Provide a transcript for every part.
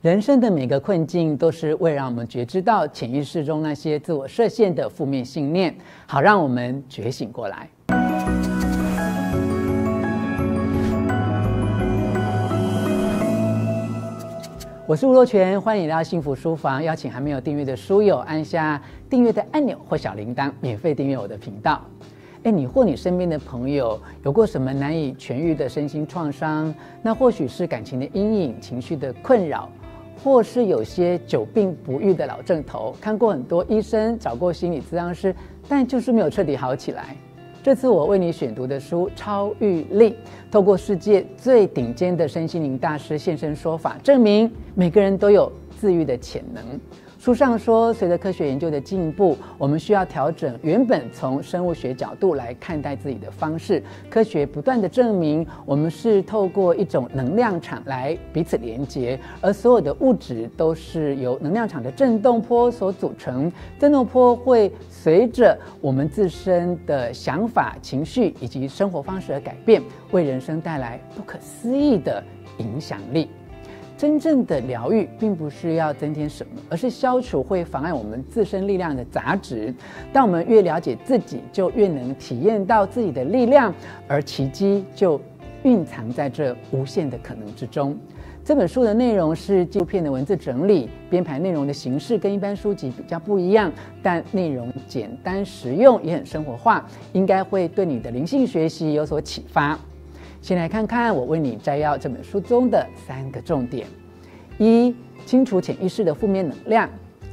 人生的每個困境，都是為讓我們覺知到潛意識中那些自我設限的負面信念，好讓我們覺醒過來。我是吳若權，歡迎來到幸福書房。邀請還沒有訂閱的書友按下訂閱的按鈕或小鈴鐺，免費訂閱我的頻道。誒，你或你身邊的朋友，有過什麼難以痊癒的身心創傷？那或許是感情的陰影、情緒的困擾。或是有些久病不癒的老症頭，看過很多醫生，找過心理諮商師，但就是沒有徹底好起來。這次我為你選讀的書《超癒力》，透過世界最頂尖的身心靈大師現身說法，證明每個人都有自癒的潛能。書上說，隨着科學研究的進步，我們需要調整原本從生物學角度來看待自己的方式。科學不斷地證明，我們是透過一種能量場來彼此連接，而所有的物質都是由能量場的振動波所組成。振動波會隨着我們自身的想法、情緒以及生活方式而改變，為人生帶來不可思議的影響力。真正的療癒，並不是要增添什麼，而是消除會妨礙我們自身力量的雜質。當我們越了解自己，就越能體驗到自己的力量，而奇蹟就蘊藏在這無限的可能之中。這本書的內容是紀錄片的文字整理，編排內容的形式跟一般書籍比較不一樣，但內容簡單實用，也很生活化，應該會對你的靈性學習有所啟發。先來看看我為你摘要這本書中的三個重點：一、清除潛意識的負面能量；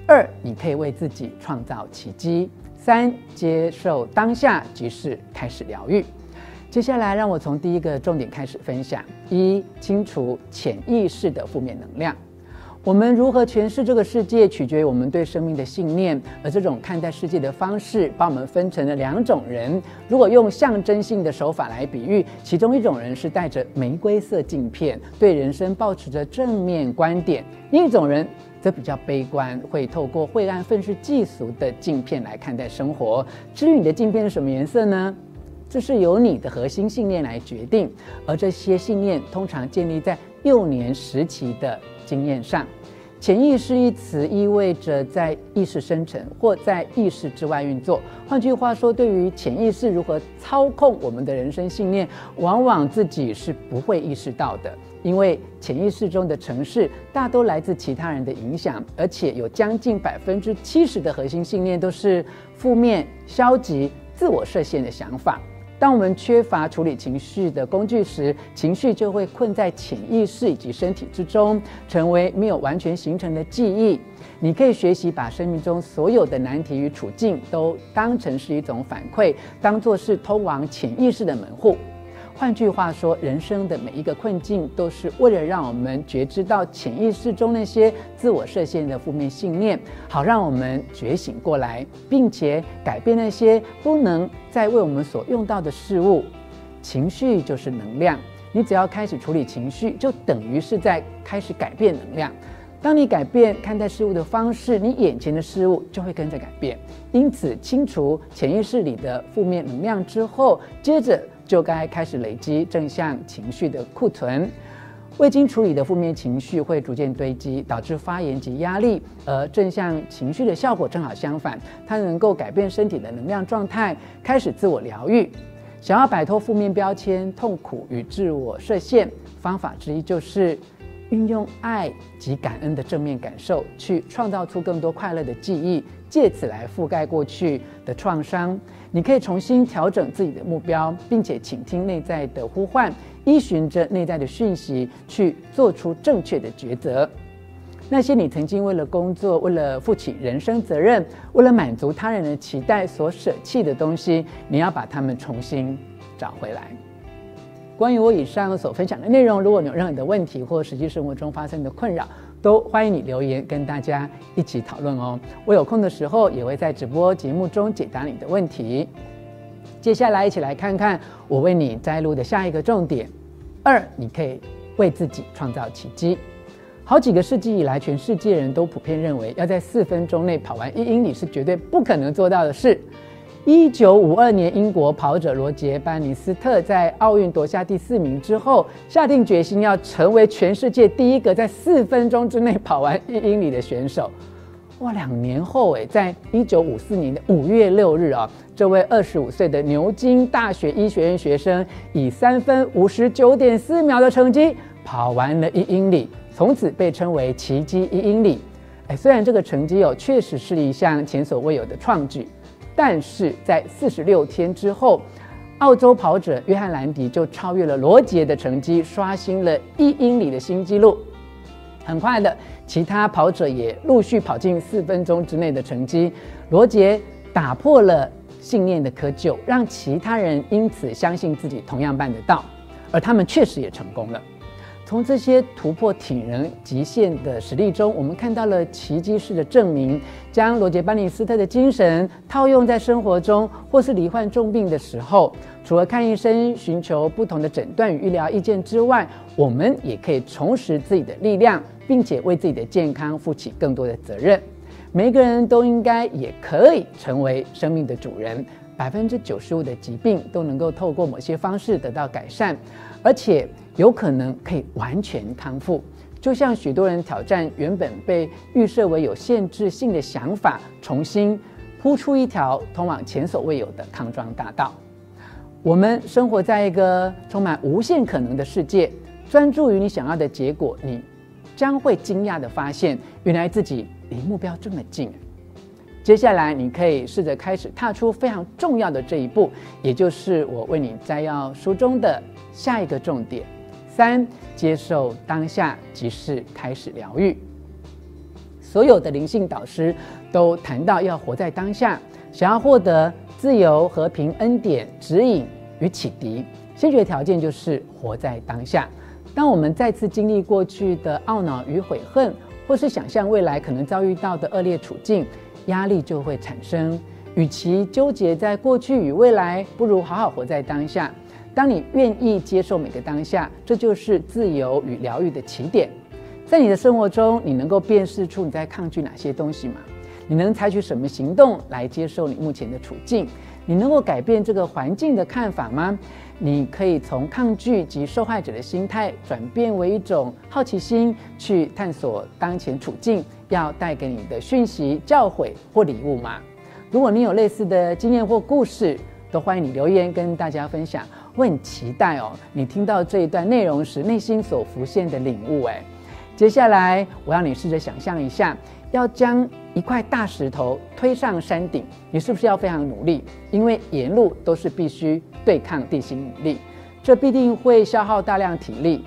二、你可以為自己創造奇蹟；三、接受當下局勢，開始療癒。接下來，讓我從第一個重點開始分享：一、清除潛意識的負面能量。我們如何詮釋這個世界，取決於我們對生命的信念。而這種看待世界的方式，把我們分成了兩種人。如果用象徵性的手法來比喻，其中一種人是帶着玫瑰色鏡片，對人生保持着正面觀點；另一種人則比較悲觀，會透過晦暗憤世嫉俗的鏡片來看待生活。至於你的鏡片是什麼顏色呢？這是由你的核心信念來決定，而這些信念通常建立在幼年時期的經驗上，潛意識一詞意味着在意識深層或在意識之外運作。換句話說，對於潛意識如何操控我們的人生信念，往往自己是不會意識到的，因為潛意識中的程式大多來自其他人的影響，而且有將近百分之七十的核心信念都是負面、消極、自我設限的想法。當我們缺乏處理情緒的工具時，情緒就會困在潛意識以及身體之中，成為沒有完全形成的記憶。你可以學習把生命中所有的難題與處境都當成是一種反饋，當作是通往潛意識的門戶。換句話說，人生的每一個困境都是為了讓我們覺知到潛意識中那些自我設限的負面信念，好讓我們覺醒過來，並且改變那些不能再為我們所用到的事物。情緒就是能量，你只要開始處理情緒，就等於是在開始改變能量。當你改變看待事物的方式，你眼前的事物就會跟着改變。因此，清除潛意識裡的負面能量之後，接着。就該開始累積正向情緒的庫存，未經處理的負面情緒會逐漸堆積，導致發炎及壓力，而正向情緒的效果正好相反，它能夠改變身體的能量狀態，開始自我療癒。想要擺脫負面標籤、痛苦與自我設限，方法之一就是。運用愛及感恩的正面感受，去創造出更多快樂的記憶，借此來覆蓋過去的創傷。你可以重新調整自己的目標，並且傾聽內在的呼喚，依循着內在的訊息去做出正確的抉擇。那些你曾經為了工作、為了負起人生責任、為了滿足他人的期待所捨棄的東西，你要把它們重新找回來。關於我以上所分享的內容，如果你有任何的問題或實際生活中發生的困擾，都歡迎你留言跟大家一起討論哦。我有空的時候也會在直播節目中解答你的問題。接下來一起來看看我為你摘錄的下一個重點：二，你可以為自己創造奇蹟。好幾個世紀以來，全世界人都普遍認為，要在四分鐘內跑完一英里是絕對不可能做到的事。一九五二年，英國跑者羅傑·班尼斯特在奧運奪下第四名之後，下定決心要成為全世界第一個在四分鐘之內跑完一英里的選手。哇，兩年後、欸，誒，在一九五四年的五月六日啊、喔，這位二十五歲的牛津大學醫學院學生以三分五十九點四秒的成績跑完了一英里，從此被稱為“奇蹟一英里”。欸，誒，雖然這個成績哦、喔，確實是一項前所未有的創舉。但是在四十六天之後，澳洲跑者約翰蘭迪就超越了羅傑的成績，刷新了一英里的新紀錄。很快的，其他跑者也陸續跑進四分鐘之內的成績。羅傑打破了信念的窠臼，讓其他人因此相信自己同樣辦得到，而他們確實也成功了。從這些突破體能極限的實例中，我們看到了奇蹟式的證明。將羅傑·班尼斯特的精神套用在生活中，或是罹患重病的時候，除了看醫生尋求不同的診斷與醫療意見之外，我們也可以重拾自己的力量，並且為自己的健康負起更多的責任。每一個人都應該也可以成為生命的主人95。百分之九十五的疾病都能夠透過某些方式得到改善，而且。有可能可以完全康復，就像許多人挑戰原本被預設為有限制性的想法，重新鋪出一條通往前所未有的康莊大道。我們生活在一個充滿無限可能的世界，專注於你想要的結果，你將會驚訝地發現，原來自己離目標這麼近。接下來，你可以試着開始踏出非常重要的這一步，也就是我為你摘要書中的下一個重點。三、接受當下即是開始療癒。所有的靈性導師都談到要活在當下，想要獲得自由、和平、恩典、指引與啟迪，先決條件就是活在當下。當我們再次經歷過去的懊惱與悔恨，或是想象未來可能遭遇到的惡劣處境，壓力就會產生。與其糾結在過去與未來，不如好好活在當下。當你願意接受每個當下，這就是自由與療癒的起點。在你的生活中，你能夠辨識出你在抗拒哪些東西嗎？你能採取什麼行動來接受你目前的處境？你能夠改變這個環境的看法嗎？你可以從抗拒及受害者的心態轉變為一種好奇心，去探索當前處境，要帶給你的訊息、教誨或禮物嗎？如果你有類似的經驗或故事，都歡迎你留言跟大家分享，我很期待哦。你聽到這一段內容時，內心所浮現的領悟誒、哎，接下來，我要你試着想象一下，要將一塊大石頭推上山頂，你是不是要非常努力？因為沿路都是必須對抗地心引力，這必定會消耗大量體力。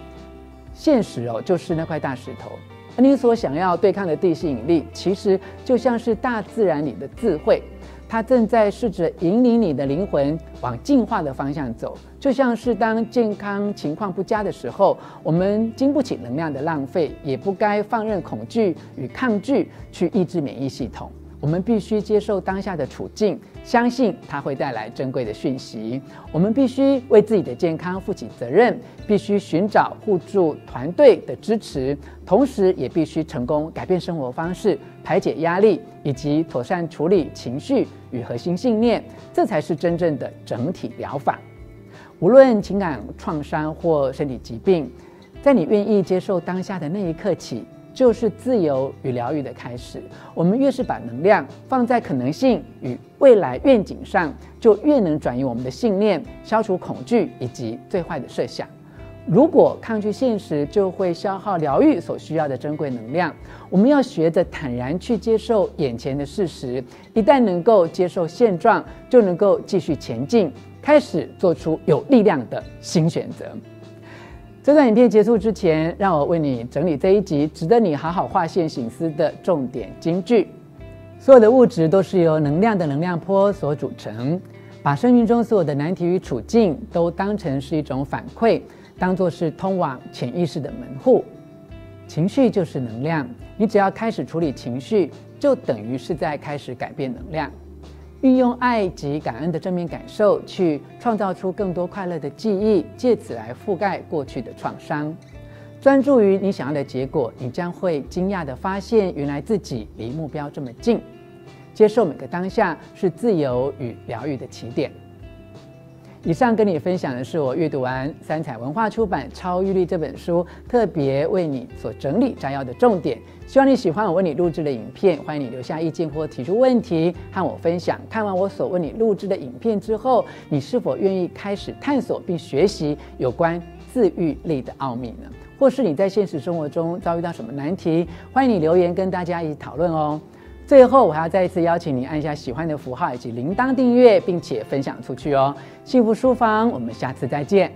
現實哦，就是那塊大石頭，而你所想要對抗的地心引力，其實就像是大自然裡的智慧。它正在試着引領你的靈魂往進化的方向走，就像是當健康情況不佳的時候，我們經不起能量的浪費，也不該放任恐懼與抗拒去抑制免疫系統。我們必須接受當下的處境，相信它會帶來珍貴的訊息。我們必須為自己的健康負起責任，必須尋找互助團隊的支持，同時也必須成功改變生活方式，排解壓力，以及妥善處理情緒與核心信念，這才是真正的整體療法。無論情感創傷或身體疾病，在你願意接受當下的那一刻起。就是自由與療癒的開始。我們越是把能量放在可能性與未來願景上，就越能轉移我們的信念，消除恐懼以及最壞的設想。如果抗拒現實，就會消耗療癒所需要的珍貴能量。我們要學着坦然去接受眼前的事實。一旦能夠接受現狀，就能夠繼續前進，開始做出有力量的新選擇。這段影片結束之前，讓我為你整理這一集值得你好好劃線省思的重點金句。所有的物質都是由能量的能量波所組成。把生命中所有的難題與處境都當成是一種反饋，當做是通往潛意識的門戶。情緒就是能量，你只要開始處理情緒，就等於是在開始改變能量。運用愛及感恩的正面感受，去創造出更多快樂的記憶，借此來覆蓋過去的創傷。專注於你想要的結果，你將會驚訝地發現，原來自己離目標這麼近。接受每個當下，是自由與療癒的起點。以上跟你分享的是我閱讀完三采文化出版《超癒力》這本書，特別為你所整理摘要的重點。希望你喜歡我為你錄製的影片，歡迎你留下意見或提出問題，和我分享看完我所為你錄製的影片之後，你是否願意開始探索並學習有關自癒力的奧秘呢？或是你在現實生活中遭遇到什麼難題？歡迎你留言跟大家一起討論哦。最後，我還要再一次邀請您按下喜歡的符號以及鈴鐺訂閱，並且分享出去哦。幸福書房，我們下次再見。